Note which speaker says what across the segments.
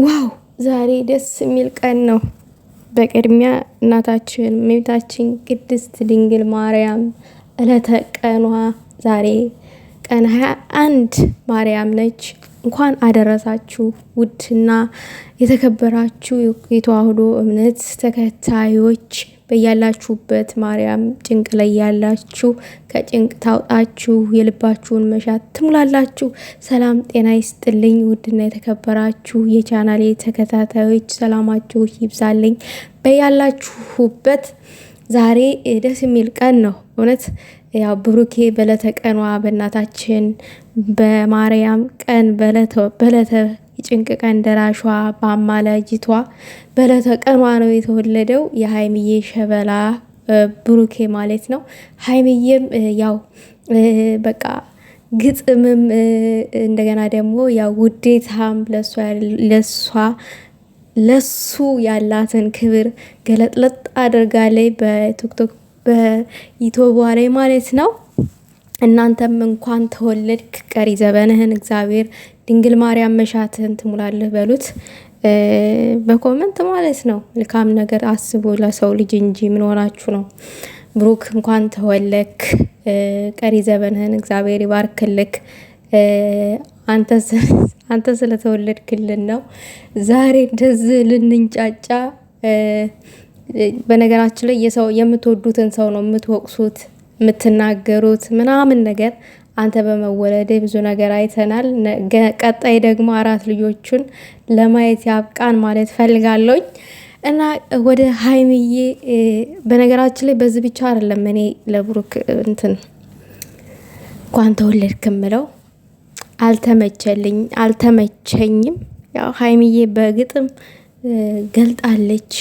Speaker 1: ዋው ዛሬ ደስ የሚል ቀን ነው። በቅድሚያ እናታችን እመቤታችን ቅድስት ድንግል ማርያም ዕለተ ቀኗ ዛሬ ቀን ሀያ አንድ ማርያም ነች። እንኳን አደረሳችሁ ውድና የተከበራችሁ የተዋህዶ እምነት ተከታዮች በያላችሁበት ማርያም ጭንቅ ላይ ያላችሁ ከጭንቅ ታውጣችሁ፣ የልባችሁን መሻት ትሙላላችሁ። ሰላም ጤና ይስጥልኝ። ውድና የተከበራችሁ የቻናሌ ተከታታዮች ሰላማችሁ ይብዛልኝ በያላችሁበት። ዛሬ ደስ የሚል ቀን ነው እውነት ያው ብሩኬ ቀኗ በእናታችን በማርያም ቀን በለተ ጭንቅ ቀን ደራሿ በአማላጅቷ በለተቀኗ ነው የተወለደው የሀይምዬ ሸበላ ብሩኬ ማለት ነው። ሀይምዬም ያው በቃ ግጥምም እንደገና ደግሞ ያው ውዴታም ለሷ ለሱ ያላትን ክብር ገለጥለጥ አድርጋ ላይ በቲክቶክ በዩቱቧ ላይ ማለት ነው። እናንተም እንኳን ተወለድክ ቀሪ ዘመንህን እግዚአብሔር ድንግል ማርያም መሻትህን ትሙላልህ በሉት በኮመንት ማለት ነው። ልካም ነገር አስቡ ለሰው ልጅ እንጂ ምን ሆናችሁ ነው? ብሩክ እንኳን ተወለክ ቀሪ ዘመንህን እግዚአብሔር ይባርክልክ። አንተ ስለተወለድክልን ነው ዛሬ እንደዚህ ልንንጫጫ። በነገራችን ላይ የምትወዱትን ሰው ነው የምትወቅሱት። የምትናገሩት ምናምን ነገር አንተ በመወለደ ብዙ ነገር አይተናል። ቀጣይ ደግሞ አራት ልጆቹን ለማየት ያብቃን ማለት ፈልጋለኝ እና ወደ ሀይምዬ በነገራችን ላይ በዚህ ብቻ አይደለም እኔ ለብሩክ እንትን እንኳን ተወለድክ ምለው አልተመቸልኝ አልተመቸኝም። ያው ሀይምዬ በግጥም ገልጣለች።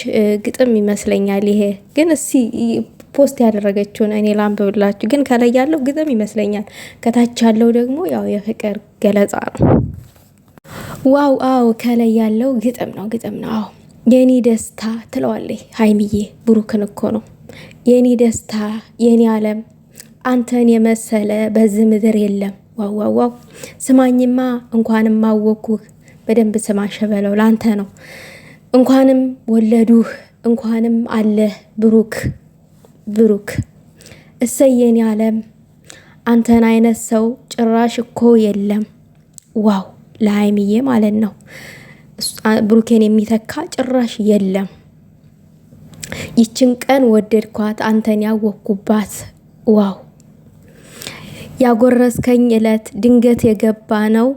Speaker 1: ግጥም ይመስለኛል ይሄ ግን እስ ፖስት ያደረገችውን እኔ ላንብብላችሁ። ግን ከላይ ያለው ግጥም ይመስለኛል። ከታች ያለው ደግሞ ያው የፍቅር ገለጻ ነው። ዋው! አዎ ከላይ ያለው ግጥም ነው፣ ግጥም ነው። አዎ የኔ ደስታ ትለዋለች ሀይሚዬ። ብሩክን እኮ ነው የኔ ደስታ የኔ ዓለም አንተን የመሰለ በዚህ ምድር የለም። ዋው ዋው ዋው! ስማኝማ እንኳንም አወኩህ። በደንብ ስማ ሸበለው፣ ላንተ ነው። እንኳንም ወለዱህ፣ እንኳንም አለህ ብሩክ ብሩክ እሰየን ያለም አንተን አይነት ሰው ጭራሽ እኮ የለም። ዋው ለሀይሚዬ ማለት ነው። ብሩኬን የሚተካ ጭራሽ የለም። ይችን ቀን ወደድኳት አንተን ያወኩባት። ዋው ያጎረስከኝ እለት ድንገት የገባ ነው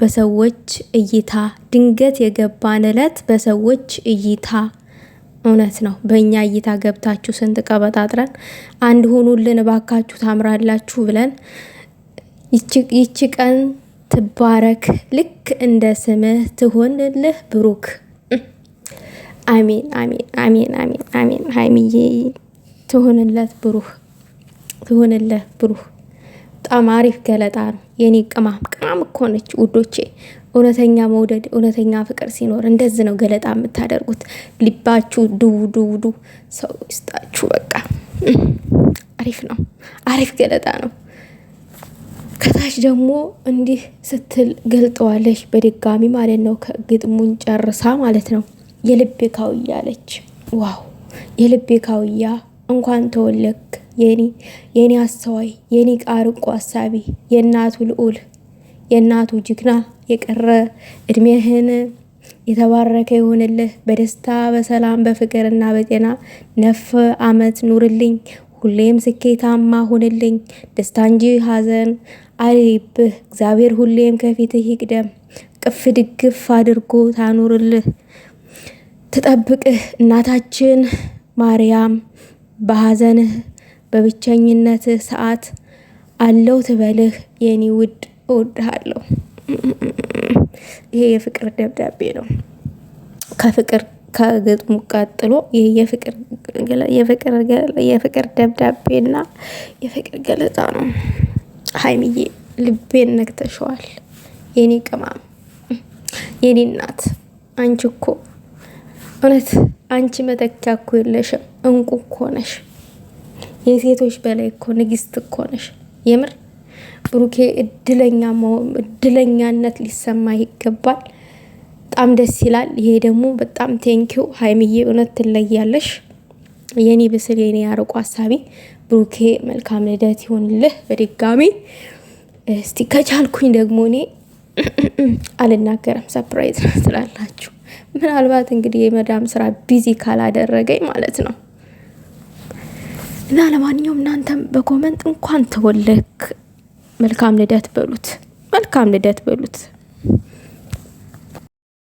Speaker 1: በሰዎች እይታ ድንገት የገባን እለት በሰዎች እይታ እውነት ነው። በእኛ እይታ ገብታችሁ ስንት ቀበጣጥረን አንድ ሆኑልን ባካችሁ ታምራላችሁ ብለን ይቺ ቀን ትባረክ፣ ልክ እንደ ስምህ ትሆንልህ ብሩክ። አሜን አሜን አሜን አሜን አሜን። ሀይሚዬ ትሆንለት ብሩህ ትሆንለት ብሩህ። በጣም አሪፍ ገለጣ ነው የኔ ቅማም ቅማም እኮ ነች ውዶቼ። እውነተኛ መውደድ እውነተኛ ፍቅር ሲኖር እንደዚህ ነው ገለጣ የምታደርጉት። ልባችሁ ድው ድው ዱ ሰው ይስጣችሁ። በቃ አሪፍ ነው፣ አሪፍ ገለጣ ነው። ከታች ደግሞ እንዲህ ስትል ገልጠዋለች በድጋሚ ማለት ነው። ከግጥሙን ጨርሳ ማለት ነው። የልቤ ካውያ አለች። ዋው የልቤ ካውያ እንኳን ተወለክ የኔ የኔ አስተዋይ የኔ ቃርቆ አሳቢ የእናቱ ልዑል የእናቱ ጅግና የቀረ እድሜህን የተባረከ ይሆንልህ። በደስታ በሰላም በፍቅርና በጤና ነፍ አመት ኑርልኝ። ሁሌም ስኬታማ ሁንልኝ። ደስታ እንጂ ሀዘን አይብህ። እግዚአብሔር ሁሌም ከፊትህ ይቅደም። ቅፍ ድግፍ አድርጎ ታኑርልህ ትጠብቅህ። እናታችን ማርያም በሀዘንህ በብቸኝነትህ ሰዓት አለው ትበልህ የኔ ውድ እወድሃለሁ። ይሄ የፍቅር ደብዳቤ ነው። ከፍቅር ከግጥሙ ቀጥሎ የፍቅር ደብዳቤና የፍቅር ገለጻ ነው። ሀይሚዬ ልቤን ነግተሸዋል። የኔ ቅማም፣ የኔ እናት፣ አንቺ እኮ እውነት አንቺ መተኪያ እኮ የለሽም። እንቁ እኮ ነሽ። የሴቶች በላይ እኮ ንግስት እኮ ነሽ የምር ብሩኬ እድለኛ እድለኛነት ሊሰማ ይገባል። በጣም ደስ ይላል። ይሄ ደግሞ በጣም ቴንኪው ሀይሚዬ፣ እውነት ትለያለሽ። የኔ ብስል የኔ አርቆ ሀሳቢ ብሩኬ መልካም ልደት ይሆንልህ። በድጋሚ እስቲ ከቻልኩኝ ደግሞ እኔ አልናገርም ሰፕራይዝ ስላላችሁ ምናልባት እንግዲህ የመዳም ስራ ቢዚ ካላደረገኝ ማለት ነው። እና ለማንኛውም እናንተም በኮመንት እንኳን ተወለክ መልካም ልደት በሉት። መልካም ልደት በሉት።